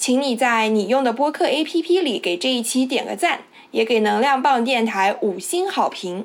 請你在你用的播客 APP 裏給這一期點個讚，也給能量棒電台五星好評。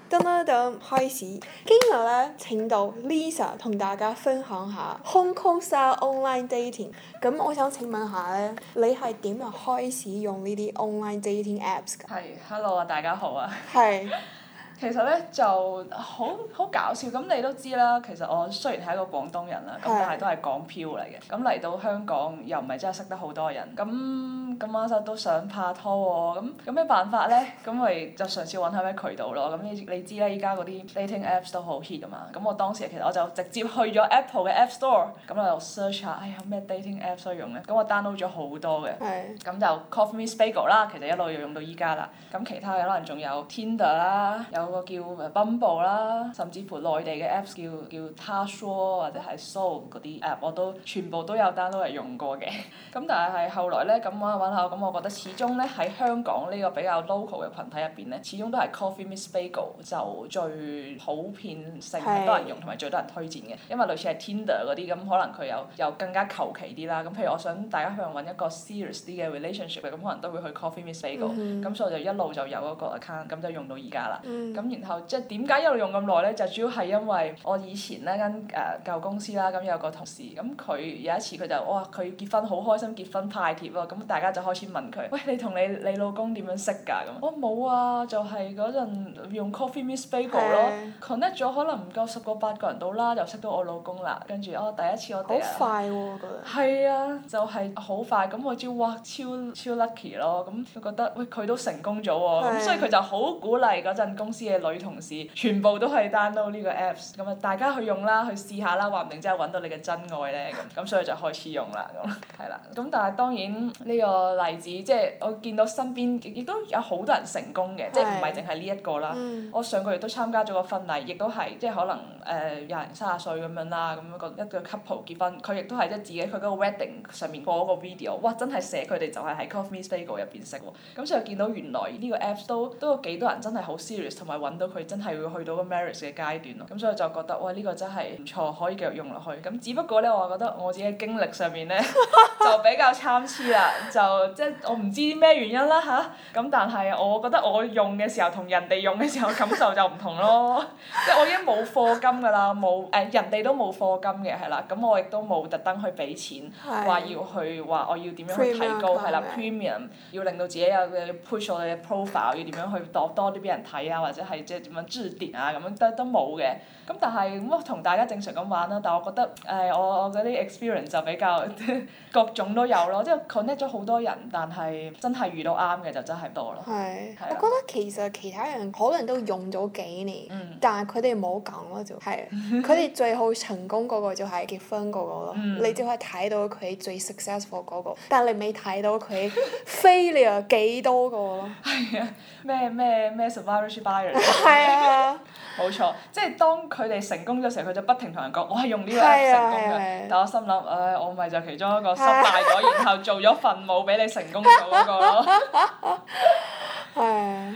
今咧就開始，今日咧請到 Lisa 同大家分享下 Hong Kong Style Online Dating。咁我想請問下咧，你係點樣開始用呢啲 Online Dating Apps 嘅？係，Hello 啊，大家好啊。係是。 其實咧就好好搞笑，咁你都知啦。其實我雖然係一個廣東人啦，咁是但係都係港漂嚟嘅。咁嚟到香港又唔係真係識得好多人，咁。今晚就都想拍拖喎、哦，咁有咩辦法咧？咁咪就嘗試揾下咩渠道咯。咁你你知咧，依家嗰啲 dating apps 都好 hit 啊嘛。咁我當時其實我就直接去咗 Apple 嘅 App Store，咁我就 search 下，哎呀咩 dating apps 可以用咧？咁我 download 咗好多嘅，咁、嗯、就 Coffee Me Sparkle 啦，其實一路用到依家啦。咁其他嘅可能仲有 Tinder 啦，有個叫 Bumble 啦，甚至乎內地嘅 apps 叫叫 t 他 show 或者係 Soul 嗰啲 app 我都全部都有 download 嚟用過嘅。咁但係係後來咧，咁我揾。咁，我覺得始終咧喺香港呢個比較 local 嘅群體入邊咧，始終都係 Coffee Miss Bagel 就最普遍、最多人用同埋最多人推薦嘅。因為類似係 Tinder 嗰啲咁，可能佢有有更加求其啲啦。咁譬如我想大家去揾一個 serious 啲嘅 relationship 嘅,咁可能都會去 Coffee Miss Bagel、嗯哼。咁所以就一路就有一個 account，咁就用到而家啦。咁、嗯、然後即係點解一路用咁耐咧？就主要係因為我以前咧間誒舊公司啦，咁有個同事，咁佢有一次佢就哇佢結婚好開心，結婚派帖喎，咁、嗯、大家就～開始問佢，喂，你同你你老公點樣識㗎咁？我、哦、冇啊，就係嗰陣用 Coffee Miss Bagel 咯 Yeah.，connect 咗可能唔夠十個八個人到啦，就識到我老公啦。跟住我第一次我好、啊、快喎、哦！係啊，就係、是、好快咁，我知哇超超 lucky 咯。咁佢覺得喂，佢都成功咗喎，咁 Yeah. 所以佢就好鼓勵嗰陣公司嘅女同事，全部都係 download 呢個 apps 咁啊，大家去用啦，去試下啦，話唔定真係揾到你嘅真愛呢。咁。咁所以就開始用啦，咁係啦。咁但係當然呢、呢個。個例子，即係我見到身邊亦都有好多人成功嘅，是即係唔係淨係呢一個啦。嗯、我上個月都參加咗個婚禮，亦都係即係可能誒廿零三十歲，咁樣啦，咁一個 couple 結婚，佢亦都係即係自己佢個 wedding 上面過嗰個 video，哇！真係寫佢哋就係喺 Coffee Meets Bagel 入邊識，咁所以見到原來呢個 apps 都都幾多人真係好 serious，同埋揾到佢真係會去到個 marriage 嘅階段咯。咁所以就覺得哇，呢、這個真係唔錯，可以繼續用落去。咁只不過咧，我覺得我自己經歷上面咧 就比較參差啦，就。 即係我唔知咩原因啦吓，咁但係我覺得我用嘅時候同人哋用嘅時候感受就唔同咯，即係我已經冇課金噶啦，冇誒人哋都冇課金嘅係啦，咁我亦都冇特登去俾錢話是要去話我要點樣去提高係啦，premium 要令到自己有嘅 push 我嘅 profile， 要點樣去度多啲俾人睇啊，或者係即係點、啊、樣註定啊咁樣都都冇嘅，咁但係咁我同大家正常咁玩啦，但係我覺得誒、呃、我我啲 experience 就比較各種，各種都有咯，即係 connect 咗好多人， 但係真係遇到啱嘅就真係多咯。係是，的我覺得其實其他人可能都用咗幾年，嗯、但係佢哋冇講咯。就係佢哋最好成功嗰個就係結婚嗰、那個咯。嗯、你只可以睇到佢最 successful 嗰、那個，但係你未睇到佢 failure 幾多個咯。係啊 咩咩咩 survival bias。係啊。冇錯，即係當佢哋成功嘅時候，佢就不停同人講：我係用呢個 app 成功嘅是的。但我心諗，唉、哎，我咪就其中一個失敗咗，然後，然後做咗墳墓。」俾。俾你成功咗嗰個咯。係。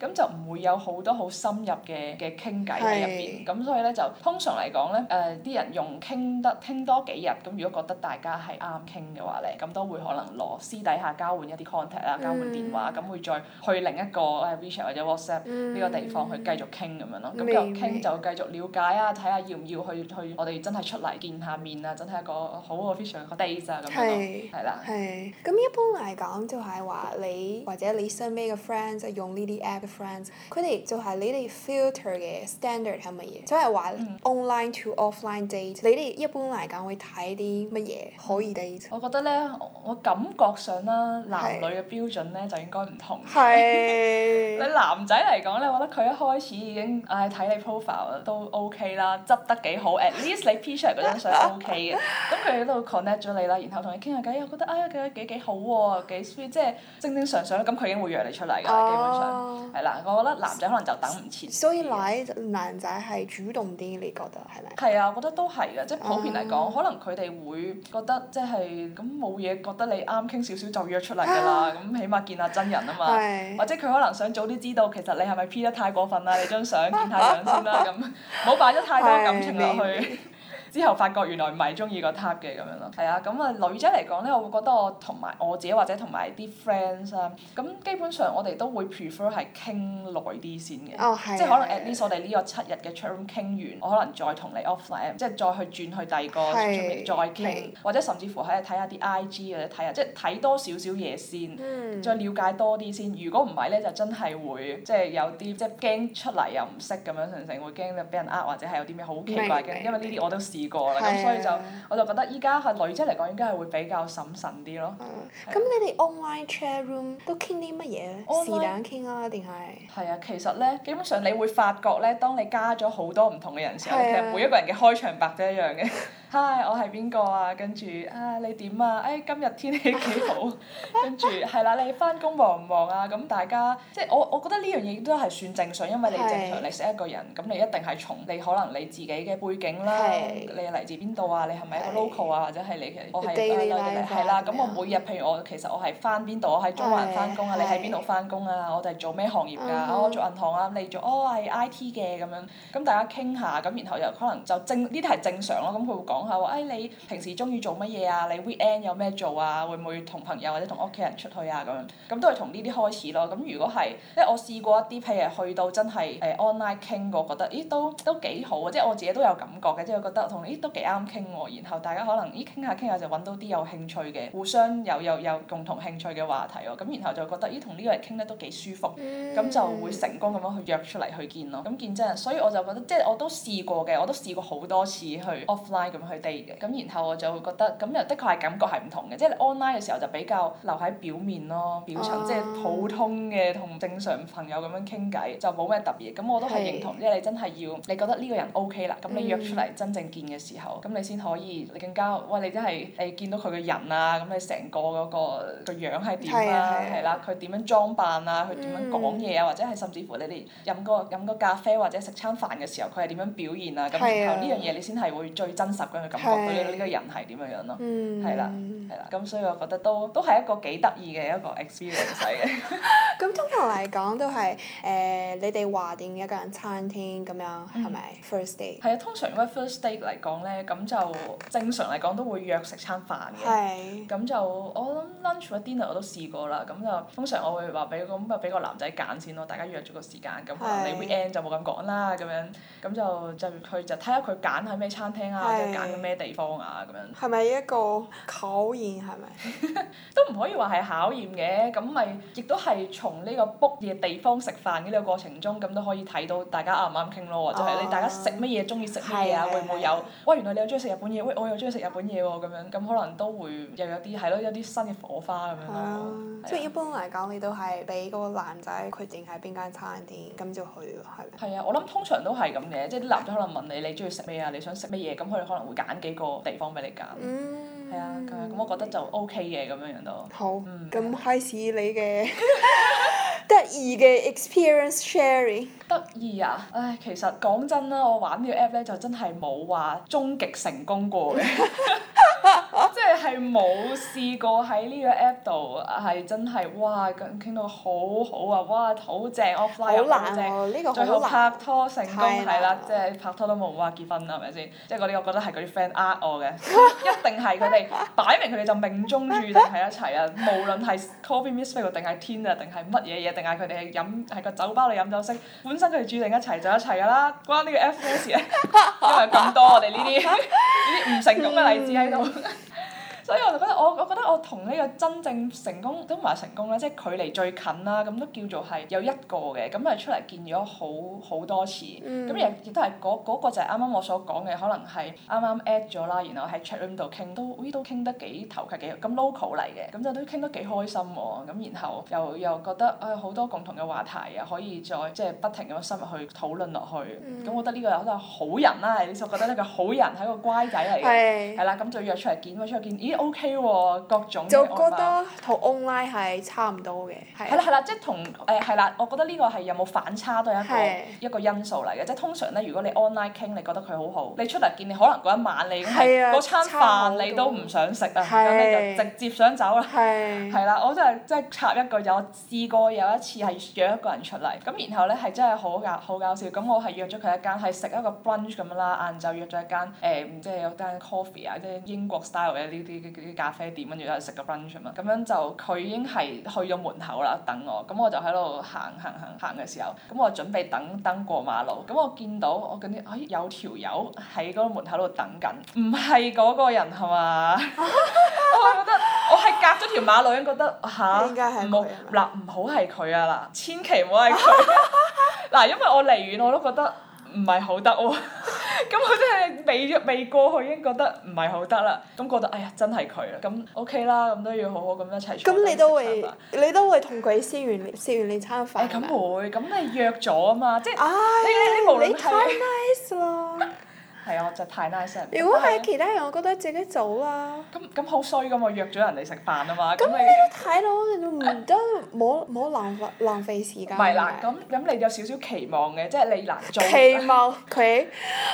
咁就唔會有好多好深入嘅嘅傾偈喺入邊，咁的所以咧就通常嚟講咧，誒、呃、啲人用傾得傾多幾日，咁如果覺得大家係啱傾嘅話咧，咁都會可能攞私底下交換一啲 contact 啦，嗯、交換電話，咁會再去另一個誒 WeChat 或者 WhatsApp 呢、嗯、個地方去繼續傾咁樣咯。咁就繼續傾還沒 就繼續了解啊，睇下要唔要去去我，我哋真係出嚟見下面啊，真係一個好嘅 vision 個 days 啊咁樣，係啦。咁一般嚟講就係話你或者你收咩嘅？friends 啊，用呢啲 app 嘅 friends，佢哋就係你哋 filter 嘅 standard 係乜嘢？即係話 online to offline date，你哋一般嚟講會睇啲乜嘢可以 date？我覺得咧，我感覺上啦，男女嘅標準咧是就應該唔同。係是。 你男仔嚟講咧，我覺得佢一開始已經唉睇、哎、你 profile 都 OK 啦，執得幾好 ，at least 你 P 出嚟嗰張相 OK 嘅。咁佢喺度 connect 咗你啦，然後同你傾下偈，又覺得啊、哎、幾幾幾好喎、啊，幾 sweet，即係正正常常咁，佢已經會約你出嚟。基本上係啦，我覺得男仔可能就等唔切。所以嗱，男仔係主動啲，你覺得係咪？係啊，我覺得都係嘅，即係普遍嚟講，可能佢哋會覺得即係咁冇嘢，覺得你啱傾少少就約出嚟㗎啦。咁起碼見下真人啊嘛，或者佢可能想早啲知道，其實你係咪 P 得太過分啦？你張相見下樣先啦，咁唔好擺咗太多感情落去。之後發覺原來唔係中意個 type 嘅，咁樣咯。係、嗯、啊，咁、嗯、啊女仔嚟講咧，我會覺得我同埋我自己或者同埋啲 friends 啊，咁基本上我哋都會 prefer 係傾耐啲先嘅。哦、即係可能 at least 的我哋呢個七日嘅 chatroom 傾完，我可能再同你 offline，即係再去轉去第二個再傾，或者甚至乎喺度睇下啲 IG 或者睇下即係睇多少少嘢先，嗯、再了解多啲先。如果唔係咧，就真係會即係有啲即係驚出嚟又唔識咁樣，成成會驚就俾人呃或者係有啲咩好奇怪嘅，因為呢啲我都試過。的的過啦，咁、啊、所以就我就覺得依家係女仔嚟講應該係會比較審慎啲咯。咁、嗯、是你哋 online chat room 都傾啲乜嘢？時間傾啊，定係？係啊，其實咧，基本上你會發覺咧，當你加咗好多唔同嘅人時候，啊、其實每一個人嘅開場白都一樣嘅。 唉，Hi，我係邊個啊？跟住唉、啊，你點啊？唉、哎，今日天氣幾好？ 跟住係啦，你翻工忙唔忙啊？咁、嗯、大家即係我，我覺得呢樣嘢都係算正常，因為你正常是 你識一個人，咁你一定係從你可能你自己嘅背景啦，是 你嚟自邊度啊？你係咪一個 local 啊？是 或者係你其實我係外地啊？係啦，咁我每日譬如我其實我係翻邊度？我喺中環翻工啊！你喺邊度翻工啊？我哋做咩行業㗎、嗯哼 啊？我做銀行啊，你做哦係 I T 嘅咁樣。咁大家傾下，咁然後又可能就正呢啲係正常咯。咁佢會講。係喎、哎，你平時中意做乜嘢啊？你 weekend 有咩做啊？會唔會同朋友或者同屋企人出去啊？咁樣咁都係同呢啲開始咯。咁如果係，因為我試過一啲，譬如去到真係誒 online 傾過，覺得咦都都幾好啊！即係我自己都有感覺嘅，即係覺得同咦都幾啱傾喎。然後大家可能咦傾下傾下就揾到啲有興趣嘅，互相有有有共同興趣嘅話題喎。咁然後就覺得咦同呢個人傾得都幾舒服，咁、mm hmm. 就會成功咁樣去約出嚟去見咯。咁見真，所以我就覺得即係我都試過嘅，我都試過好多次去 offline 咁。佢哋嘅，咁然後我就會覺得，咁又的確係感覺係唔同嘅，即係你 online 嘅時候就比較留喺表面咯，表層，oh. 即係普通嘅同正常朋友咁樣傾偈就冇咩特別。咁我都係認同，是即係你真係要，你覺得呢個人 O.K. 啦，咁你約出嚟真正見嘅時候，咁、mm. 你先可以你更加，哇！你真、就、係、是、你見到佢嘅人啊，咁你成個嗰、那個個樣係點啊？係啦、啊，佢點、啊啊、樣裝扮啊，佢點樣講嘢啊，mm. 或者係甚至乎你哋飲個飲個咖啡或者食餐飯嘅時候，佢係點樣表現啊？咁然後呢樣嘢你先係會最真實。感覺，所以呢個人係點樣樣咯？係啦，係啦。咁所以我覺得都都係一個幾得意嘅一個 experience 嚟嘅。咁通常嚟講都係誒，你哋話定一間餐廳咁樣係咪？First date。係啊，通常如果 first date 嚟講咧，咁就正常嚟講都會約食餐飯嘅。咁就我諗 lunch 同 dinner 我都試過啦。咁就通常我會話俾咁，俾個男仔揀先咯。大家約咗個時間咁，你會 end 就冇咁講啦。咁樣咁就就佢就睇下佢揀係咩餐廳啊，喺咩地方啊？咁樣係咪一個考驗？係咪 都唔可以話係考驗嘅？咁咪、就係、亦都係從呢個 book 嘢地方食飯嘅呢個過程中，咁都可以睇到大家啱唔啱傾咯，或者係你大家食乜嘢中意食乜嘢啊？會唔會有？喂的，原來你又中意食日本嘢，喂，我又中意食日本嘢喎，哦，咁樣咁可能都會又有啲係咯，有啲新嘅火花咁，啊、樣咯。即係、啊、一般嚟講，你都係俾嗰個男仔決定喺邊間餐店，咁就去。係咪？係啊，我諗通常都係咁嘅，即係啲男仔可能問你你中意食咩啊？你想食乜嘢？咁佢哋可能會。揀幾個地方俾你揀，係啊，咁我覺得就 OK 嘅咁樣樣都好。咁開始你嘅得意嘅 experience sharing。得意啊！唉，其實講真啦，我玩呢個 app 咧就真係冇話終極成功過嘅， 即係冇試過喺呢個 app 度係真係哇咁傾到好好啊，哇好正，offline 好正，正啊這個，最後拍拖成功係啦，了即係拍拖都冇話結婚啦，係咪先？即係嗰啲我覺得係嗰啲 friend 呃我嘅，一定係佢哋擺明佢哋就命中注定喺一齊啊！ 無論係 Coffee Meets Bagel 定係 Tinder 定係乜嘢嘢，定係佢哋係飲喺個酒吧度飲酒識。本身佢哋注定一齊就一齊噶啦，關呢個 F S 咧， 因為咁多 我哋呢啲呢啲唔成功嘅例子喺度。所以我就覺得我我覺得我同呢個真正成功都唔係成功啦，即係距離最近啦，咁都叫做係有一個嘅，咁係出嚟見咗好好多次，咁亦亦都係嗰、嗰個就係啱啱我所講嘅，可能係啱啱 at 咗啦，然後喺 chatroom 度傾都咦都傾得幾投契幾，咁 local 嚟嘅，咁就都傾得幾開心喎，咁然後又又覺得啊好多共同嘅話題啊，可以再即係不停咁深入去討論落去，咁、嗯、我覺得呢個好多好人啦，你就、嗯、覺得呢個好人係 一個乖仔嚟嘅，係啦，咁就約出嚟見咗出嚟見，咦、欸、～O K 喎，各種嘅嘛，就覺得同 online 係差唔多嘅。係啦係啦，即係同誒係啦，我覺得呢個係有冇反差都係一個的一個因素嚟嘅。即係通常咧，如果你 online 傾，你覺得佢好好，你出嚟見你可能嗰一晚你係嗰餐飯你都唔想食啊，咁的你就直接想走啦。係啦的，我真係真係插一句就，我試過有一次係約一個人出嚟，咁的然後咧係真係好搞好搞笑。咁我係約咗佢一間係食一個 brunch 咁樣啦，晏晝約咗一間誒，即、欸、係有間 coffee 啊，即係英國 style 嘅呢啲。啲啲咖啡店，跟住都係食個 brunch 嘛，咁樣就佢已經係去咗門口啦，等我。咁我就喺度行行行行嘅時候，咁我準備等燈過馬路，咁我見到我嗰啲，哎，有條友喺嗰個門口度等緊，唔係嗰個人係嘛？ 我覺得我係隔咗條馬路，已經覺得吓，唔、啊、唔好嗱，唔好係佢啊嗱，千祈唔好係佢嗱，因為我離遠我都覺得唔係好得喎、哦。 咁我真係未未過去已經覺得唔係好得啦，咁覺得哎呀真係佢啦，咁 OK 啦，咁都要好好咁一齊食飯。咁你都會，你都會同佢食完食完呢餐飯。誒、哎，咁唔會，咁你約咗啊嘛，即係、哎、呀你你你無你太 n i 係啊，就太 nice 人。如果係其他人，我覺得自己做啦。咁咁好衰噶嘛！約咗人嚟食飯啊嘛。咁你都睇到，你唔得，冇冇浪費浪費時間。係啦，咁咁你有少少期望嘅，即係你難做。期望佢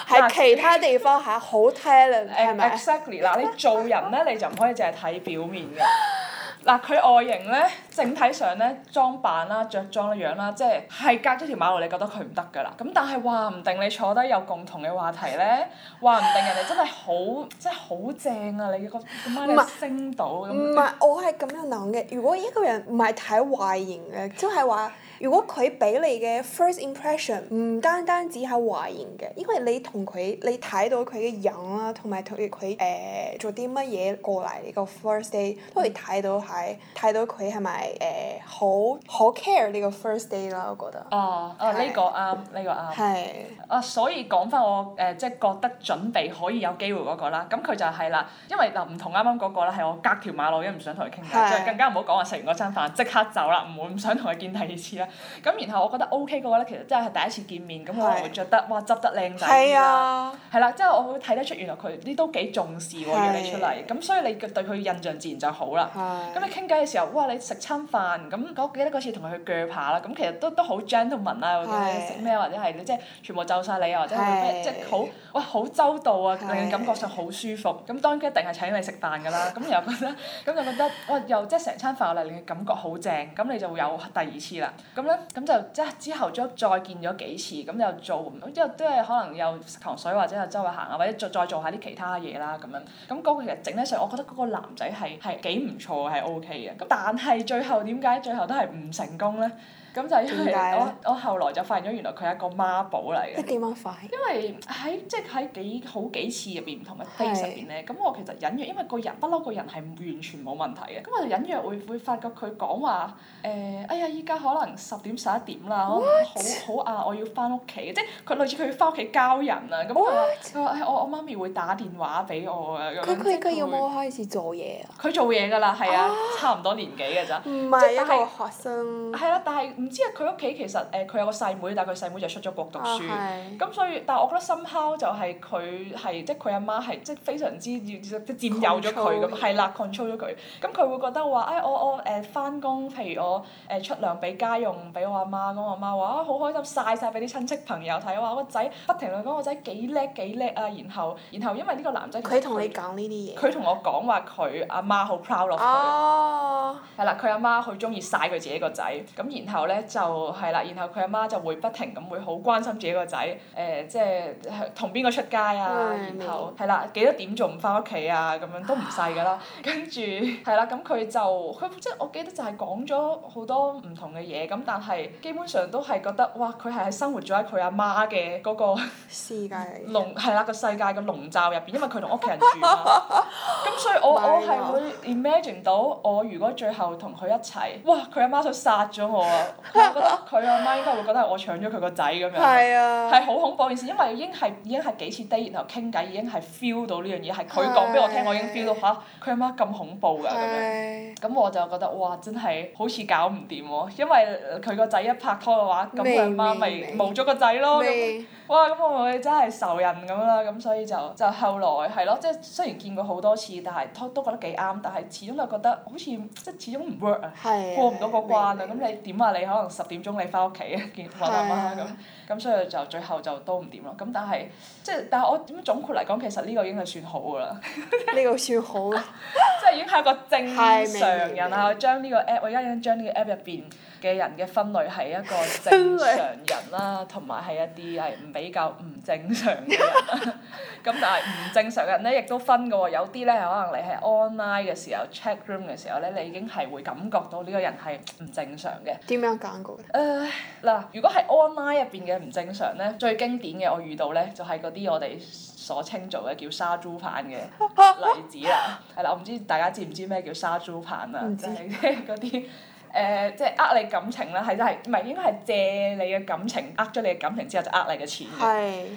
喺其他地方係好 talent，係咪？Exactly 嗱，你做人咧，你就唔可以淨係睇表面嘅。 嗱，佢外形咧，整體上咧裝扮啦、着裝嘅樣啦，即係係隔咗條馬路，你覺得佢唔得㗎啦。咁但係話唔定你坐低有共同嘅話題咧，話唔定人哋真係好，即係好正啊！你覺得咁樣你升到咁。唔係，我係咁樣諗嘅。如果一個人唔係睇外形嘅，即係話。 如果佢俾你嘅 first impression 唔單，單單只係懷疑嘅，因為你同佢你睇到佢嘅樣啦，同埋同佢誒做啲乜嘢過嚟呢、這個 first day，都係睇到係睇到佢係咪誒好好 care 呢個 first day 啦，我覺得。哦，啊呢是個啱呢、這個啱。係是。啊，所以講翻我誒即係覺得準備可以有機會嗰、那個啦，咁佢就係啦，因為嗱唔、呃、同啱啱嗰個啦、那個，係我隔條馬路都唔想同佢傾偈，是就更加唔好講話食完嗰餐飯即刻走啦，唔會唔想同佢見第二次啦。咁然後我覺得 O K 嘅話咧，其實真係第一次見面，咁是我會著得，哇執得靚仔啲啦，係啦、啊，即係我會睇得出原來佢呢都幾重視喎約你出嚟，咁所以你對佢印象自然就好啦。咁是你傾偈嘅時候，哇你食餐飯，咁我記得嗰次同佢去鋸扒啦，咁其實都都好 gentleman 啊是，或者食咩或者係你即係全部就晒你，又或者咩即係好，哇好周到啊，是令你感覺上好舒服。咁當然一定係請你食飯㗎啦，咁然後覺得咁就覺得，哇 又即係成餐飯落嚟，你感覺好正，咁你就會有第二次啦，咁咧，咁就即係之後，再再見咗幾次，咁又做，唔到。即係可能又食糖水或者又周圍行啊，或者再做下啲其他嘢啦咁樣。咁、那、嗰個其實整體上，我覺得嗰個男仔係係幾唔錯嘅，係 OK 嘅。咁但係最後點解最後都係唔成功呢？咁就因為我我後來就發現咗原來佢係一個媽寶嚟嘅。點解？因為喺即係喺幾好幾次入邊唔同嘅 case 入邊咧，咁我其實隱約因為個人不嬲，個人係完全冇問題嘅。咁我就隱約會會發覺佢講話誒，哎呀依家可能十點十一點啦，好好晏我要翻屋企，即係佢類似佢要翻屋企交人啊。咁我話我我媽咪會打電話俾我啊。咁樣即係佢會開始做嘢啊。佢做嘢㗎啦，係啊，差唔多年紀㗎咋。唔係一個學生。係咯，但係。唔知啊！佢屋企其實誒，佢有個細妹，但係佢細妹就出咗國讀書。咁所以，但係我覺得深刻就係佢係即係佢阿媽係即係非常之佔有咗佢咁，係啦，control 咗佢。咁佢會覺得話：誒我我誒翻工，譬如我誒出糧俾家用，俾我阿媽。咁我阿媽話：啊好開心曬晒俾啲親戚朋友睇。我話個仔不停咁講個仔幾叻幾叻啊！然後然後因為呢個男仔佢同你講呢啲嘢，佢同我講話佢阿媽好 proud of 佢係啦，佢阿媽好中意曬佢自己個仔。咁然後咧。咧就係啦，然後佢阿媽就會不停咁會好關心自己個仔，誒、呃、即係同邊個出街啊，嗯、然後係啦、嗯、幾多點仲唔返屋企啊？咁樣都唔細噶啦，跟住係啦，咁佢就佢即係我記得就係講咗好多唔同嘅嘢，咁但係基本上都係覺得哇！佢係喺生活咗喺佢阿媽嘅嗰個世界，係啦個世界嘅籠罩入邊，因為佢同屋企人住嘛。咁 所以我 我係會 imagine 到我如果最後同佢一齊，哇！佢阿媽想殺咗我啊！ 佢阿 媽應該會覺得我搶咗佢個仔咁樣，係好恐怖件事。因為已經係已經係幾次低，然後傾偈已經係 feel 到呢樣嘢，係佢講俾我聽，我已經 feel 到吓，佢阿媽咁恐怖㗎咁樣，咁 我就覺得哇！真係好似搞唔掂喎，因為佢個仔一拍拖嘅話，咁佢阿媽咪冇咗個仔咯。 哇！咁我會唔會真係仇人咁啦？咁所以就就後來係咯，即係雖然見過好多次，但係都都覺得幾啱，但係始終又覺得好似即係始終唔 work 啊，的過唔到嗰關啊！咁你點啊？你可能十點鐘你翻屋企見我阿媽咁，咁的所以就最後就都唔掂咯。咁但係即係但係我點樣總括嚟講，其實呢個已經係算好噶啦。呢個算好，即係 已經係一個正常人啊！我將呢個 app，我而家已經將呢個 app 入邊嘅人嘅分類係一個正常人啦，同埋係一啲係比較唔正常嘅人。咁 但係唔正常人咧，亦都分嘅喎。有啲咧可能你係 online 嘅時候 checkroom 嘅時候咧，你已經係會感覺到呢個人係唔正常嘅。點樣講嘅？誒嗱，如果係 online 入邊嘅唔正常咧，最經典嘅我遇到咧，就係嗰啲我哋所稱做嘅叫殺豬盤嘅例子啦。係啦，我唔知大家知唔知咩叫殺豬盤啊？就係即係嗰啲。 誒、呃，即係呃你感情啦，係真係唔係應該係借你嘅感情，呃咗、就是、你嘅感，感情之後就呃你嘅錢的，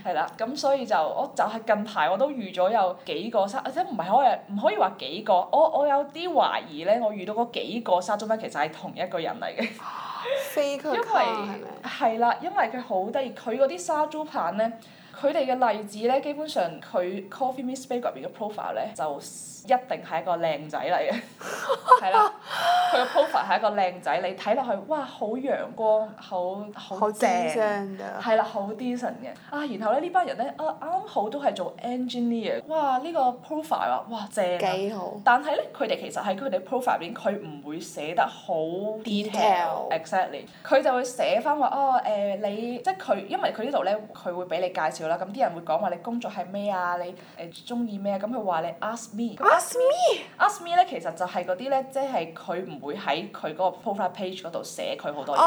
係啦是。咁、嗯、所以就我就係近排我都遇咗有幾個沙，即係唔係可以唔可以話幾個？我我有啲懷疑咧，我遇到嗰幾個殺豬盤其實係同一個人嚟嘅，因為係啦，因為佢好得意，佢嗰啲殺豬盤咧。佢哋嘅例子咧，基本上佢 Coffee Meets Bagel 入邊嘅 profile 咧，就一定係一個靚仔嚟嘅，係啦。佢嘅 profile 係一個靚仔，你睇落去，哇，好陽光，好好正，係啦，好 decent 嘅。啊，然後咧呢班人咧，啊啱好都係做 engineer。哇，呢、呢個 profile 話，哇，正、啊、幾好？但係咧，佢哋其實喺佢哋 profile 入邊，佢唔會寫得好 detail，exactly det。佢、exactly、就會寫翻話哦，誒、呃、你即係佢，因為佢呢度咧，佢會俾你介紹。啦，咁啲人會講話你工作係咩啊？你誒中意咩啊？咁佢話你 ask me，ask me，ask me 咧，其實就係嗰啲咧，即係佢唔會喺佢嗰個 profile page 嗰度寫佢好多嘢。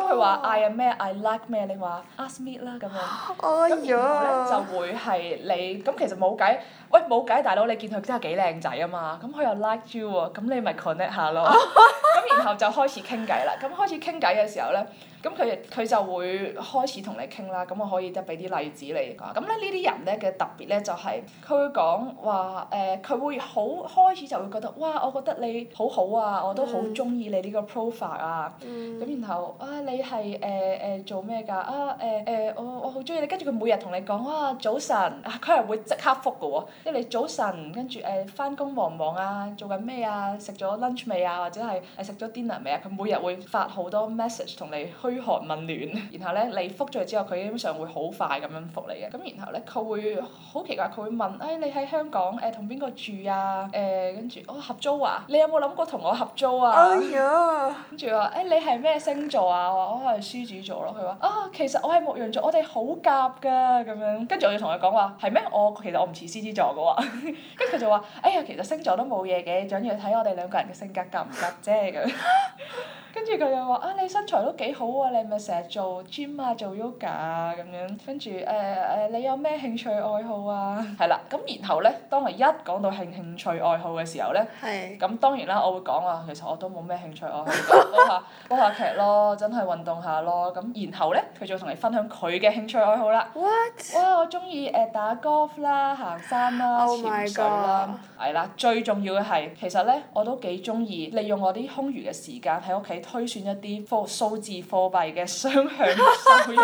咁佢話 I am 咩？I like 咩？你話 ask me 啦咁樣。咁然後咧就會係你咁，其實冇計。喂，冇計，大佬你見佢真係幾靚仔啊嘛！咁佢又 like you 喎，咁你咪 connect 下咯。咁、oh. 然後就開始傾偈啦。咁開始傾偈嘅時候咧。咁佢佢就會開始同你傾啦，咁我可以即係俾啲例子你啊。咁咧呢啲人咧嘅特別咧就係、是、佢會講話誒佢會好開始就會覺得哇，我覺得你好好啊，我都好中意你呢個 profile 啊。咁、嗯、然後、呃呃、啊，你係誒誒做咩噶啊誒誒我。好中意你，跟住佢每日同你講哇、哦、早晨，佢、啊、係會即刻覆嘅喎，即係你早晨，跟住誒返工忙唔忙啊？做緊咩啊？食咗 lunch 未啊？或者係誒食咗 dinner 未啊，佢每日會發好多 message 同你噓寒問暖，然後咧你覆咗之後佢基本上會好快咁樣覆你嘅，咁然後咧佢會好奇怪，佢會問誒、哎、你喺香港誒同邊個住啊，誒跟住哦合租啊，你有冇諗過同我合租啊？跟住話誒你係咩星座啊？我係獅子座咯，佢話啊其實我係牧羊座，我哋好。好夾噶咁樣，跟住我要同佢講話，係咩？我其實我唔似獅子座噶喎， 跟住佢就話：哎呀、欸，其實星座都冇嘢嘅，主要睇我哋兩個人嘅性格夾唔夾啫咁。 跟住佢又話：啊，你身材都幾好喎，你咪成日做 gym 啊，做 yoga 啊咁樣。跟住誒誒，你有咩興趣愛好啊？係啦，咁然後咧，當我一講到興興趣愛好嘅時候咧，咁當然啦，我會講話，其實我都冇咩興趣愛好，煲下煲下劇咯，真係運動下咯。咁然後咧，佢就同你分享佢嘅興趣。最愛好啦，What? 哇！我中意誒打 golf 啦、行山啦、潛、oh、my 水啦，係啦，最重要嘅係，其實咧，我都幾中意利用我啲空餘嘅時間喺屋企推算一啲貨數字貨幣嘅雙向收益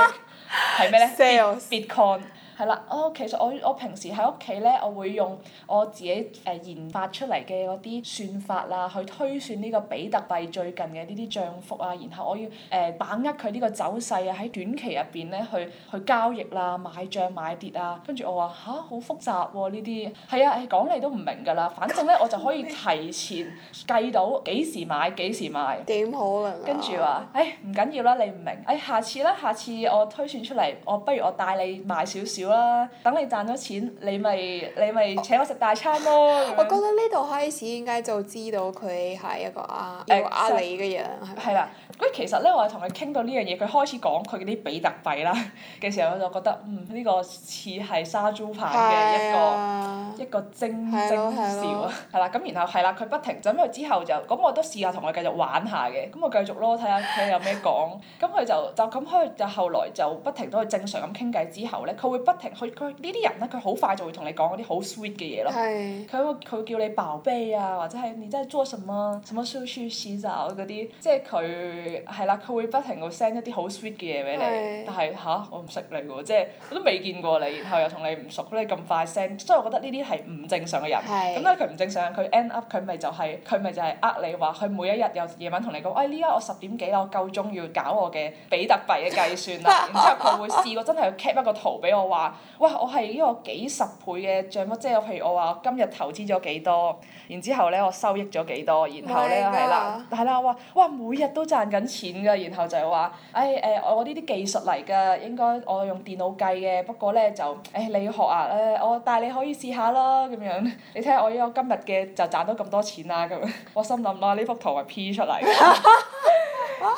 係咩咧？Sell Bitcoin。係啦，我、哦、其實我我平時喺屋企咧，我會用我自己誒、呃、研發出嚟嘅嗰啲算法啦，去推算呢個比特幣最近嘅呢啲漲幅啊，然後我要誒、呃、把握佢呢個走勢啊，喺短期入邊咧去去交易啦、啊，買漲買，買跌啊，跟住我話吓，好複雜喎呢啲，係啊，講你、啊、都唔明㗎啦，反正咧我就可以提前計到幾時買幾時賣。點好啊？跟住話，誒唔緊要啦，你唔明，誒、哎、下次啦，下次我推算出嚟，我不如我帶你買少少。啦，等你賺咗錢，你咪你咪請我食大餐咯！ 我覺得呢度開始應該就知道佢係一個阿要阿你嘅人，係啦。欸吧喂，其實咧，我係同佢傾到呢樣嘢，佢開始講佢嗰啲比特幣啦嘅時候，我就覺得嗯呢、呢個似係殺豬盤嘅一個、哎、呀一個徵兆啊，係啦，咁然後係啦，佢不，不停就咁去之後就，咁我都試下同佢繼續玩下嘅，咁我繼續咯，睇下佢有咩講，咁佢就就咁開，就後來就不停都佢正常咁傾偈之後咧，佢會不停，佢佢呢啲人咧，佢好快就會同你講嗰啲好 sweet 嘅嘢咯，佢對會佢叫你寶貝啊，或者係你真係做什麼什麼時候去洗澡嗰啲，即係佢。係啦，佢、啊、會不停咁 send 一啲好 sweet 嘅嘢俾你，但係嚇我唔識你喎，即係我都未見過你，然後又同你唔熟，咁你咁快 send，所以我覺得呢啲係唔正常嘅人。咁咧佢唔正常，佢 end up 佢咪就係佢咪就係呃你話，佢每一日又夜晚同你講，哎呢家我十點幾啦，我夠鐘要搞我嘅比特幣嘅計算啦。 然之後佢會試過真係 cap 一個圖俾我話，哇我係呢個幾十倍嘅帳目，即係譬如我話今日投資咗幾多，然之後咧我收益咗幾多，然後咧係、oh、my 啦係啦我話，哇每日都賺。緊錢噶，然後就話：唉、哎，誒、呃，我呢啲技術嚟噶，應該我用電腦計嘅。不過咧就，誒、哎、你要學啊咧、哎，我帶你可以試下啦，咁樣。你睇下我依今日嘅就賺到咁多錢啊！咁，我心諗啊，呢幅圖係 P 出嚟嘅，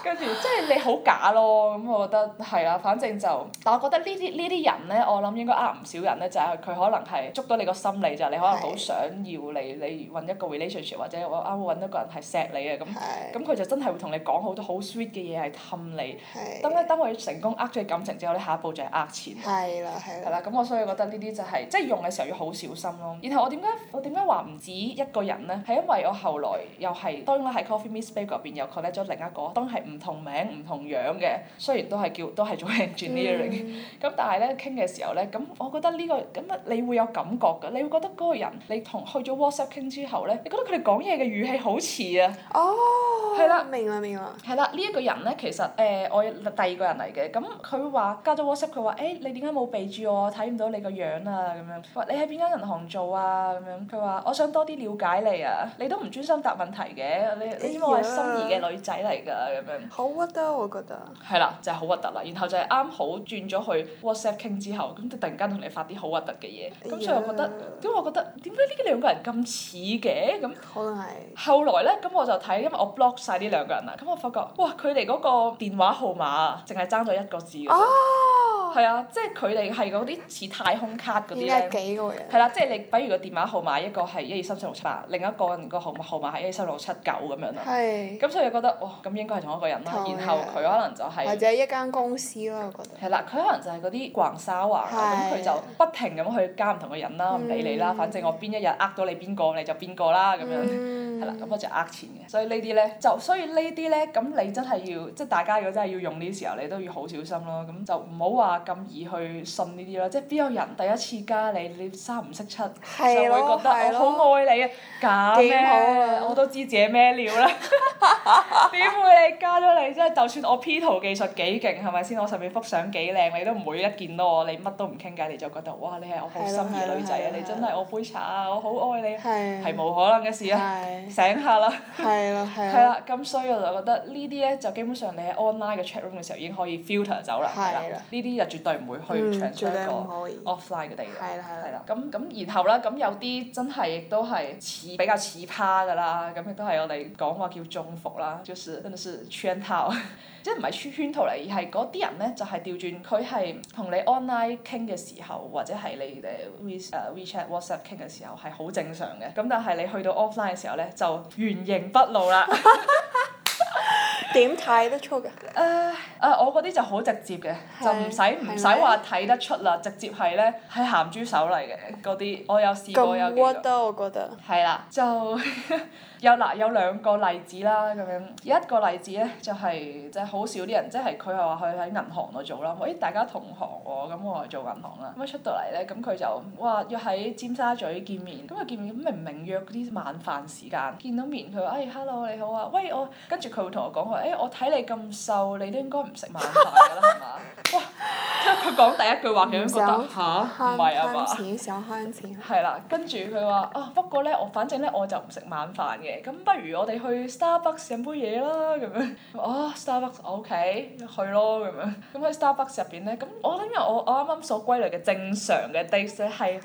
跟住，即係你好假咯。咁我覺得係啦、啊。反正就，但我覺得人呢啲呢啲人咧，我諗應該呃唔少人咧，就係、是、佢可能係捉到你個心理，就係、是、你可能好想要你，你揾一個 relationship 或者、啊、我啱好揾一個人係錫你嘅。咁。咁佢就真係會同你講好多。好 sweet 嘅嘢係氹你，咁咧等佢成功呃咗感情之後，咧下一步就係呃錢。係啦，係啦。係啦，咁我所以覺得呢啲就係即係用嘅時候要好小心咯。然後我點解我點解話唔止一個人咧？係因為我後來又係當我喺 Coffee Meets Bagel 入邊又 connect 咗另一個，當係唔同名唔同樣嘅。雖然都係叫都係做 engineering，咁但係咧傾嘅時候咧，咁我覺得呢個咁啊，你會有感覺噶，你會覺得嗰個人你同去咗 WhatsApp 傾之後咧，你覺得佢哋講嘢嘅語氣好似啊。哦。係啦，明啦，明啦。係啦，呢一個人咧，其實誒，我第二個人嚟嘅。咁佢話加咗 WhatsApp，佢話誒，你點解冇備註我？睇唔到你個樣啊，咁樣。你喺邊間銀行做啊？咁樣。佢話我想多啲了解你啊！你都唔專心答問題嘅。你你知我係心儀嘅女仔嚟㗎，咁樣。好核突，我覺得。係啦，就係好核突啦。然後就係啱好轉咗去 WhatsApp 傾之後，咁就突然間同你發啲好核突嘅嘢。咁所以我覺得，咁我覺得，點解呢兩個人咁似嘅咁？可能係。後來咧，咁我就睇，因為我 block 晒呢兩個人啦。咁我發覺。哇！佢哋嗰個電話號碼啊，淨係爭咗一個字，係、oh. 啊，即係佢哋係嗰啲似太空卡嗰啲，係啦、啊，即係你比如個電話號碼一個係一二三四五六七八，另一個個號號碼係一二三四五六七九咁樣啦，咁是所以覺得哇，咁應該係同一個人啦、啊，樣然後佢可能就係、是、或者一間公司、啊、我覺得係啦，佢、啊、可能就係嗰啲逛沙華咁，佢、啊、就不停咁去加唔同嘅人啦、啊，唔理、啊、你啦，反正我邊一日呃到你邊個，你就邊個啦咁樣，係啦、嗯，咁、啊、我就呃錢嘅，所以呢啲咧就所以呢啲咧咁。你真係要，即係大家如果真係要用呢啲時候，你都要好小心咯。咁就唔好話咁易去信呢啲咯。即係邊有人第一次加你，你三唔識七，就會覺得我好愛你啊！假咩？我都知自己咩料啦。點會你加咗你？即係就算我 P 圖技術幾勁，係咪先？我上面幅相幾靚，你都唔會一見到我，你乜都唔傾偈，你就覺得哇！你係我好心意女仔啊！你真係我杯茶啊！我好愛你，係冇可能嘅事啊！醒下啦。係咯。係啦，咁所以我就覺得呢。呢啲咧就基本上你喺 online 嘅 chatroom 嘅時候已經可以 filter 走啦，呢啲的就絕對唔會去長出一個 offline 嘅地方。係啦，咁，咁然後咧，咁有啲真係亦都係似比較奇葩噶啦，咁亦都係我哋講話叫中伏啦，就是真係是圈套， 即係唔係圈圈套嚟，而係嗰啲人咧就係調轉佢係同你 online 傾嘅時候，或者係你誒、uh, WeChat、WhatsApp 傾嘅時候係好正常嘅，咁但係你去到 offline 嘅時候咧就原形畢露啦。 點睇得出㗎？啊啊！我嗰啲就好直接嘅，是就唔使唔使話睇得出啦，直接係咧係鹹豬手嚟嘅嗰啲。我有試過有幾個。覺得我覺得。係啦。就 有嗱有兩個例子啦，咁樣一個例子咧就係即係好少啲人，即係佢係話佢喺銀行度做啦。誒、哎、大家同行喎、哦，咁我做銀行啦。咁出到嚟咧，咁佢就哇約喺尖沙咀見面。咁佢見面，明唔明約啲晚飯時間？見到面佢話：誒、哎、，hello 你好啊，喂我。跟住佢會同我講誒我睇你咁瘦，你都應該唔食晚飯㗎啦，係嘛？哇！即係佢講第一句話，佢都覺得嚇唔係啊嘛。係啦，跟住佢話啊，不過咧，我反正咧，我就唔食晚飯嘅。咁不如我哋去 Starbucks 飲杯嘢啦，咁樣。哦，Starbucks，OK，去咯，咁樣。咁喺 Starbucks 入邊咧，咁我諗因為我我啱啱所歸類嘅正常嘅 date 係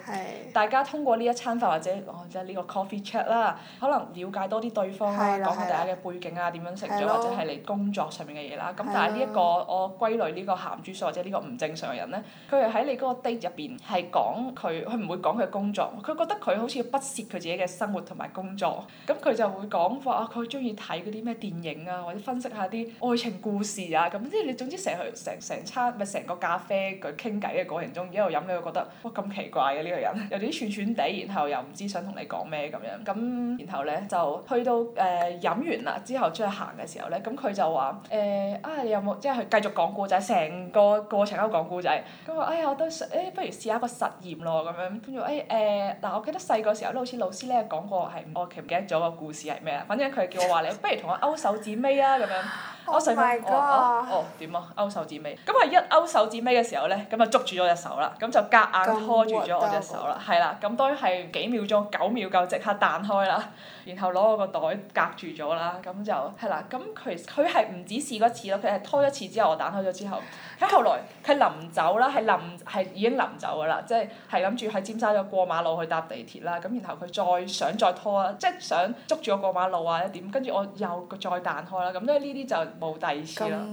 大家通過呢一餐飯或者或者呢個 coffee chat 啦，可能了解多啲對方啦，講下大家嘅背景啊，點樣食咗或者係。工作上面嘅嘢啦，咁但係呢一個 Yeah. 我歸類呢個鹹豬手或者呢個唔正常嘅人咧，佢係喺你嗰個 date 入邊係講佢，佢唔會講佢工作，佢覺得佢好似不屑佢自己嘅生活同埋工作，咁佢就會講話佢中意睇嗰啲咩電影啊，或者分析下啲愛情故事啊，咁即係你總之成成成餐咪成個咖啡佢傾偈嘅過程中，一路飲，你會覺得哇，咁奇怪嘅、啊、呢、這個人，有啲串串地，然後又唔知想同你講咩咁樣，咁然後咧就去到誒飲、呃、完啦之後出去行嘅時候咧，咁。佢就話：誒、呃、啊，你有冇即係繼續講故仔？成個過程喺度講故仔。咁我哎呀，我都想誒、哎，不如試下個實驗咯咁樣。跟住誒誒，嗱、哎呃，我記得細個時候好似老師咧講過係，我其實唔記得咗個故事係咩啦。反正佢叫我話 你，不如同我勾手指尾啊咁樣。我手哦哦哦點啊，勾手指尾。咁佢一勾手指尾嘅時候咧，咁麼就捉住咗我隻手啦，咁就夾硬拖住咗我隻手啦，係啦、啊。咁當然係幾秒鐘，九秒夠，即刻彈開啦。然後攞個袋夾住咗啦，咁就係啦。咁佢佢係唔止試過一次咯，佢係拖一次之後我彈開咗之後，喺後來佢臨走啦，係 臨係已經臨走噶啦，即係係諗住喺尖沙咀過馬路去搭地鐵啦。咁然後佢再想再拖啦，即係想捉住我過馬路啊點？跟住我又再彈開啦。咁所以呢啲就～冇第二次啦，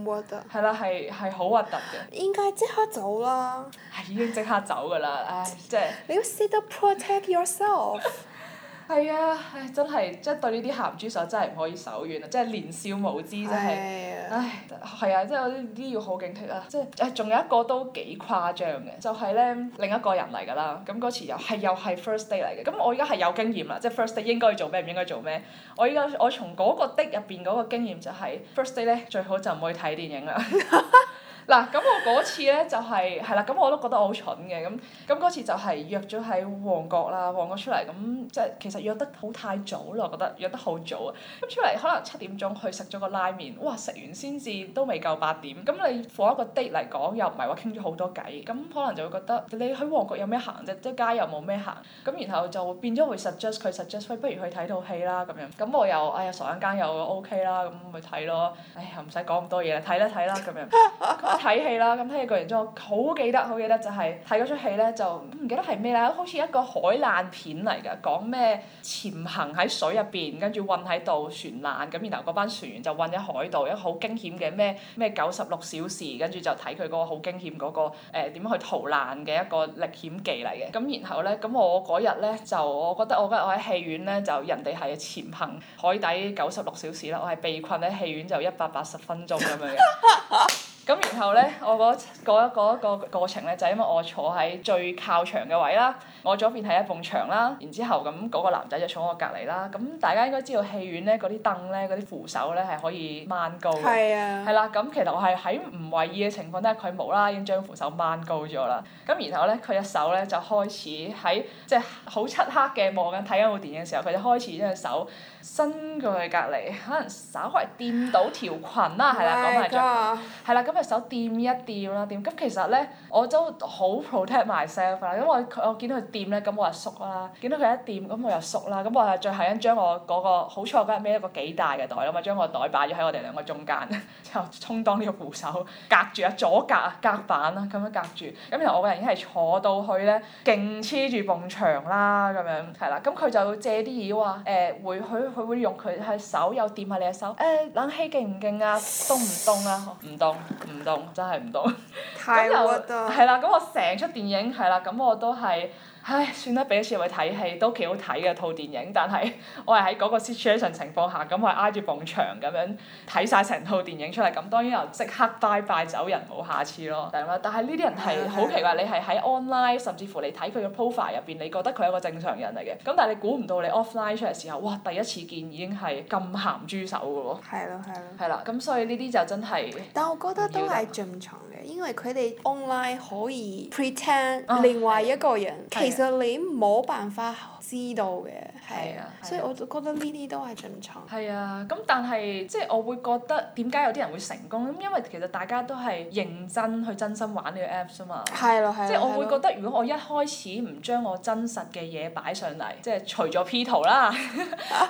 係啦，係，係好核突嘅。應該即刻走啦。係 已經即刻走㗎啦，唉，即係。你要 see to protect yourself。 係啊，唉，真係，即係對呢啲鹹豬手真係唔可以手軟真啊！即係年少無知真係，唉，係啊，真係我啲要好警惕啊！即係，唉，仲有一個都幾誇張嘅，就係咧另一個人嚟㗎啦。咁嗰次又係又係 first day 嚟嘅，咁我依家係有經驗啦，即係 first day 應該做咩唔應該做咩？我依家我從嗰個的入邊嗰個經驗就係 ，first day 咧最好就唔可以睇電影啦。 嗱咁我嗰次咧就係係啦，咁我都覺得我好蠢嘅咁，咁嗰次就係約咗喺旺角啦，旺角出嚟咁即係其實約得好太早咯，我覺得約得好早啊，咁出嚟可能七點鐘去食咗個拉麵，哇，食完先至都未夠八點，咁你放一個 date 嚟講又唔係話傾咗好多偈，咁可能就會覺得你喺旺角有咩行啫，即街又冇咩行，咁然後就變咗會 suggest 佢 suggest 佢不如去睇套戲啦咁樣，咁我又哎呀傻一間又 OK 啦，咁去睇咯，哎呀唔使講咁多嘢啦，睇啦睇啦，咁樣。 睇戲啦，咁睇戲過程中好記得好記得就係睇嗰出戲呢，就唔記得係咩啦，好似一個海難片嚟㗎，講咩潛行喺水入邊，跟住韞喺度船難，咁然後嗰班船員就韞喺海度，一個好驚險嘅咩咩九十六小時，跟住就睇佢嗰個好驚險嗰個誒點樣去逃難嘅一個歷險記嚟嘅。咁然後呢，咁我嗰日呢，就我覺得我我喺戲院呢，就人哋係潛行海底九十六小時啦，我係被困喺戲院就一百八十分鐘咁樣嘅。咁 然後呢，我嗰嗰嗰個過程呢，就是、因為我坐喺最靠牆嘅位啦，我左邊係一埲牆啦，然之後咁嗰、嗰個男仔就坐我隔離啦。咁大家應該知道戲院呢，嗰啲凳呢，嗰啲扶手呢，係可以掹高，係啦。咁、 啊嗯、其實我係喺唔為意嘅情況，但係佢冇啦已經將扶手掹高咗啦。咁然後呢，佢隻手呢，就開始喺即係好漆黑嘅望緊睇緊部電影嘅時候，佢就開始隻手，伸過去隔籬，可能稍為掂到條裙啦，係啦， 講白咗，係啦， 咁就手掂一掂啦，掂咁其實咧，我都好 protect myself 啦，因為我，我見到佢掂咧，咁我就縮啦；見到佢一掂，咁我就縮啦。咁我係最後一張、那個，我嗰個好彩，我嗰日孭一個幾大嘅袋啊嘛，將個袋擺咗喺我哋兩個中間，就 充當呢個扶手，隔住啊，左隔啊，隔板啦，咁樣隔住。咁然後我個人已經係坐到去咧，勁黐住埲牆啦，咁樣係啦。咁佢就借啲嘢話，誒、呃、會去。佢會用佢嘅手又掂下你隻手，誒、啊欸、冷氣勁唔勁啊？凍唔凍啊？唔凍，唔 凍，真係唔凍。 太核突。係 啦，咁我成出電影係啦，咁我都係。唉，算啦，畀一次我去睇戲都幾好睇嘅套電影，但係我係喺嗰個 situation 情況下，咁我挨住埲牆咁樣睇晒成套電影出嚟，咁當然又即刻拜拜走人，冇下次咯。但係呢啲人係好奇怪，的你係喺 online 的甚至乎你睇佢嘅 profile 入邊，你覺得佢係一個正常人嚟嘅，咁但係你估唔到你 offline 出嚟時候，哇！第一次見已經係咁鹹豬手㗎咯。係咯，係咯。係啦，咁所以呢啲就真係。但係我覺得都係正常嘅，因為佢哋 online 可以 pretend 另外一個人，啊。其實，你冇辦法知道嘅。係啊，所以我都覺得呢啲都係正常。係啊，咁但係即係我會覺得點解有啲人會成功咧？咁因為其實大家都係認真去真心玩呢個 Apps 啊嘛。係咯、啊，係、啊。即係我會覺得，如果我一開始唔將我真實嘅嘢擺上嚟，即係除咗 P 圖啦，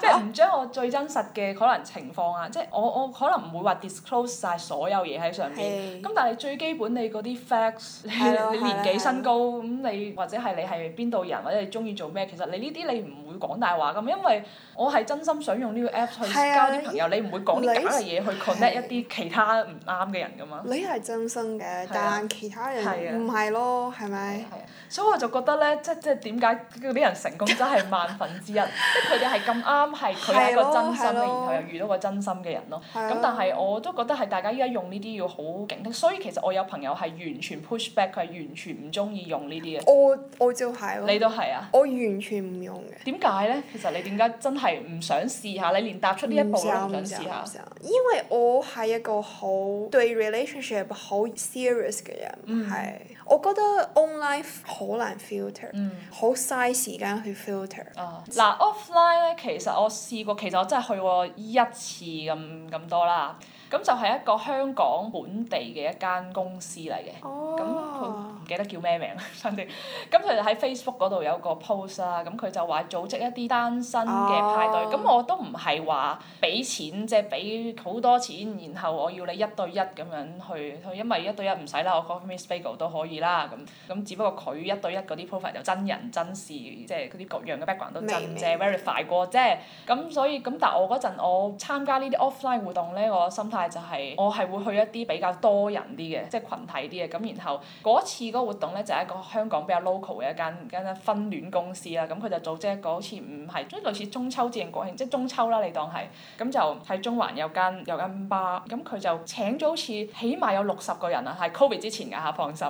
即係唔將我最真實嘅可能情況啊，即係我我可能唔會話 disclose 晒所有嘢喺上邊。係、啊。咁但係最基本你啲 facts、啊、你年紀身高咁、啊啊、你或者係你係邊度人或者你中意做咩？其實你呢啲你唔會講。大話咁，因為我係真心想用呢個 app 去交啲朋友，你唔會講啲假嘅嘢去 connect 一啲其他唔啱嘅人噶嘛。你係真心嘅，但其他人唔係咯，係咪？所以我就覺得咧，即即點解嗰啲人成功真係萬分之一，即佢哋係咁啱，係佢係個真心，然後又遇到個真心嘅人咯。咁但係我都覺得係大家依家用呢啲要好警惕，所以其實我有朋友係完全 push back，佢係完全唔中意用呢啲嘅。我我就係。你都係啊？我完全唔用嘅。點解咧？其實你點解真係唔想試下？你連踏出呢一步都唔想,想試下想想，因為我係一個好對 relationship 好 serious 嘅人，係、嗯、我覺得 online 好難 filter，好嘥、嗯、時間去 filter。嗱 offline 咧，其實我試過，其實我真係去過一次咁咁多啦。咁就係一個香港本地嘅一間公司嚟嘅，咁佢唔記得叫咩名啦，反 正咁其實喺 Facebook 嗰度有個 post 啦，咁佢就話組織一啲單身嘅派對，咁、oh. 我都唔係話俾錢，即係俾好多錢，然後我要你一對一咁樣去，因為一對一唔使啦，我 call Miss Figo 都可以啦，咁咁只不過佢一對一嗰啲 profile 就真人真事，即係嗰啲各樣嘅 background 都真啫，verify 過，即係咁所以咁但係我嗰陣我參加呢啲 offline 活動咧，我心態。就係我係會去一啲比較多人啲嘅，即係群體啲嘅。咁然後嗰次嗰個活動呢，就係一個香港比較 local 嘅一間間婚戀公司啦。咁佢就組織一個好似唔係，即係類似中秋節、國慶，即係中秋啦。你當係咁就喺中環有間有間 bar，咁佢就請咗好似起碼有六十個人啊，係 COVID 之前㗎嚇，放心。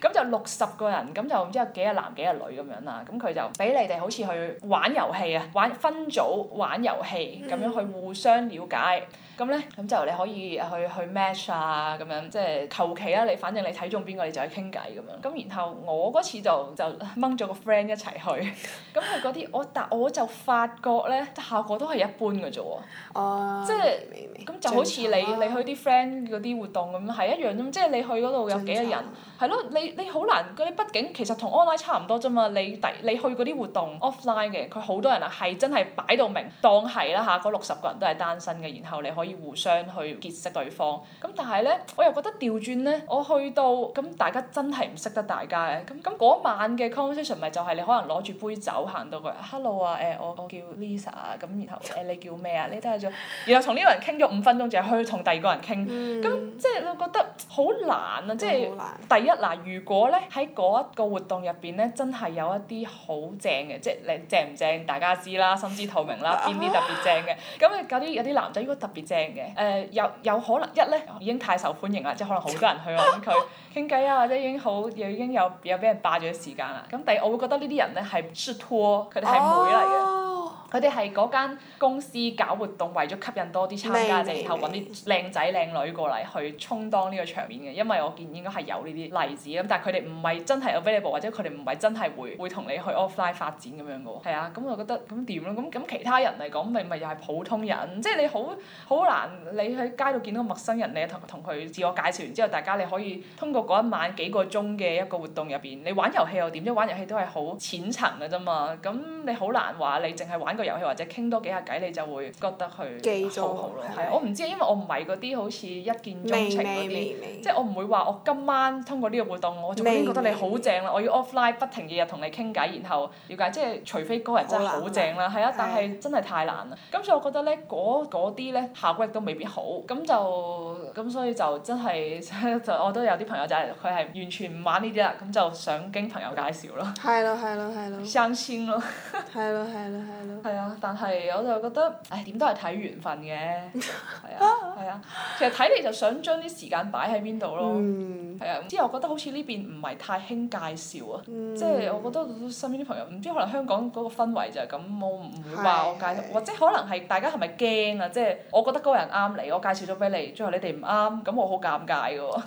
咁 就六十個人，咁就唔知有幾日男幾日女咁樣啦。咁佢就俾你哋好似去玩遊戲啊，玩分組玩遊戲，咁樣去互相了解。咁、mm hmm. 呢，咁就你可以可以去去 match 啊，咁樣，即係求其啦。你反正你睇中邊個你就去傾偈，咁樣，咁然後我嗰次就就掹咗個 friend 一齊去。咁佢嗰啲我但我就發覺咧效果都係一般嘅啫喎。哦場。即係，咁就好似你你去啲 friend 嗰啲活動咁樣係一樣啫嘛。即係你去嗰度有幾個人？係場咯，你你好難。你畢竟其實同 online 差唔多啫嘛。你第你去嗰啲活動 offline 嘅，佢好多人啊，係真係擺到明當係啦吓，嗰六十個人都係單身嘅，然後你可以互相去。Mm. Mm. 結識對方咁，但係咧，我又覺得調轉咧，我去到咁，大家真係唔識得大家嘅。咁咁嗰晚嘅 conversation 咪就係你可能攞住杯酒行到佢 ，Hello 啊，誒、呃、我我叫 Lisa、呃、啊，咁 然後誒你叫咩啊？你都係做，然後同呢個人傾咗五分鐘去、嗯、就去同第二個人傾。咁即係我覺得好難啊！即係第一嗱，如果咧喺嗰一個活動入邊咧，真係有一啲好正嘅，即、就、係、是、你正唔正大家知啦，心知肚明啦，邊啲特別正嘅。咁啊搞啲有啲男仔應該特別正嘅誒、呃、有。有，有可能一咧已經太受歡迎啦，即係可能好多人去揾佢傾偈啊，或者已經好又已經有有俾人霸咗時間啦。咁第二，我會覺得呢啲人咧係唔妥，佢哋係妹嚟嘅。Oh. 佢哋係嗰間公司搞活動，為咗吸引多啲參加者，然後揾啲靚仔靚女過嚟，去充當呢個場面嘅。因為我見應該係有呢啲例子咁，但係佢哋唔係真係 available，或者佢哋唔係真係會會同你去 offline 發展咁樣嘅喎。係啊，咁、嗯、我覺得咁點咯？咁、嗯、咁、嗯嗯、其他人嚟講，咪咪又係普通人，即係你好好難，你喺街度見到個陌生人，你同同佢自我介紹完之後，大家你可以通過嗰一晚幾個鐘嘅一個活動入邊，你玩遊戲又點啫，玩遊戲都係好淺層嘅啫嘛。咁你好難話你淨係玩個。遊戲或者傾多幾下偈，你就會覺得佢好好咯。係啊，我唔知，因為我唔係嗰啲好似一見鍾情嗰啲，即係我唔會話我今晚通過呢個活動，我已經覺得你好正啦。我要 offline 不停日日同你傾偈，然後了解，即係除非嗰人真係好正啦。係啊難，的但係真係太難啦。咁的所以我覺得咧，嗰啲咧效果亦都未必好。咁就。咁所以就真係，就 我都有啲朋友就係佢係完全唔玩呢啲啦，咁就想經朋友介紹咯。係咯，係咯，係咯。相親咯。係咯，係咯，係咯。係啊，但係我就覺得，唉、哎，點都係睇緣分嘅，係啊， 係啊，其實睇你就想將啲時間擺喺邊度咯，係啊、嗯。之後我覺得好似呢邊唔係太興介紹啊，即係、嗯、我覺得身邊啲朋友，唔知可能香港嗰個氛圍就係咁，我唔會話我介，紹的，或者可能係大家係咪驚啊？即、就、係、是、我覺得嗰個人啱你，我介紹咗俾你，最後你哋唔。啱，咁我好尷尬㗎喎，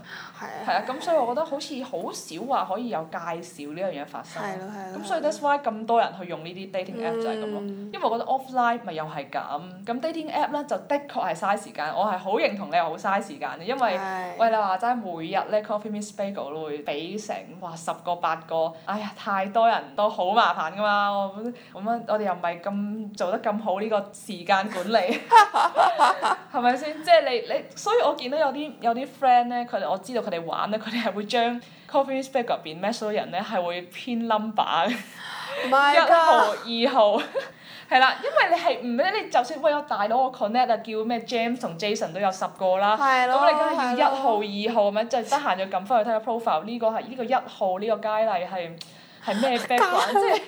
係啊，咁所以我覺得好似好少話可以有介紹呢樣嘢發生，係咯係咯，咁所以 that's why 咁多人去用呢啲 dating app 就係咁咯，因為我覺得 offline 咪又係咁，咁 dating app 咧就的確係嘥時間，我係好認同你係好嘥時間，因為喂你話真係每日咧 Coffee Meets Bagel 都會俾成哇十個八個，哎呀太多人都好麻煩噶嘛，咁咁樣我哋又唔係咁做得咁好呢個時間管理，係咪先？即係你你，所以我見。咧 有啲有啲 friend 咧，佢哋我知道佢哋玩咧，佢哋係會將 coffee spec 入邊 match 到人咧係會編 number 嘅，My God. 一號二號，係啦，因為你係唔咧，你就算喂，我大佬，我 connect 啊，叫咩 James 同 Jason 都有十個啦，咁 你梗係要一號二 號咁、就是、樣 ile,，即係得閒就撳翻去睇下 profile，呢個，係、這、呢個一號呢個佳麗係。係咩 back 啊？即係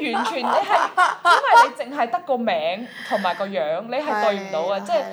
你係完全你係因為你淨係得個名同埋個樣你，你係對唔到嘅。即係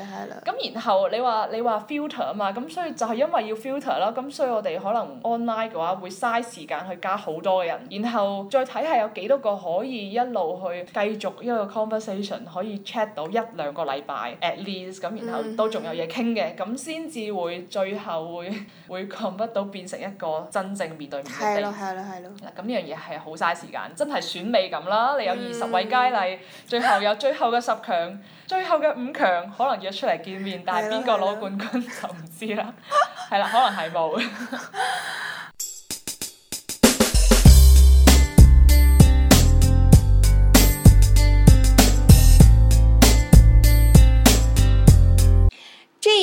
咁，然後你話你話 filter 啊嘛，咁所以就係因為要 filter 啦。咁所以我哋可能 online 嘅話會嘥時間去加好多嘅人，然後再睇下有幾多個可以一路去繼續一個 conversation 可以 chat 到一兩個禮拜 at least 咁，然後都仲有嘢傾嘅，咁先至會最後會會 conclude 到變成一個真正面對面嘅。係咯係咯係咯。嗱，咁呢樣嘢。係好嘥時間，真係選美咁啦！你有二十位佳麗， 最後有最後嘅十強，最後嘅五強可能約出嚟見面， 但係邊個攞冠軍就唔知啦。係啦， 可能係冇。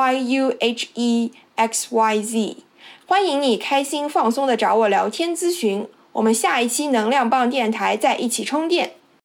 Y U H E X Y Z，歡迎你開心放鬆的找我聊天諮詢，我們下一期能量棒電台再一起充電。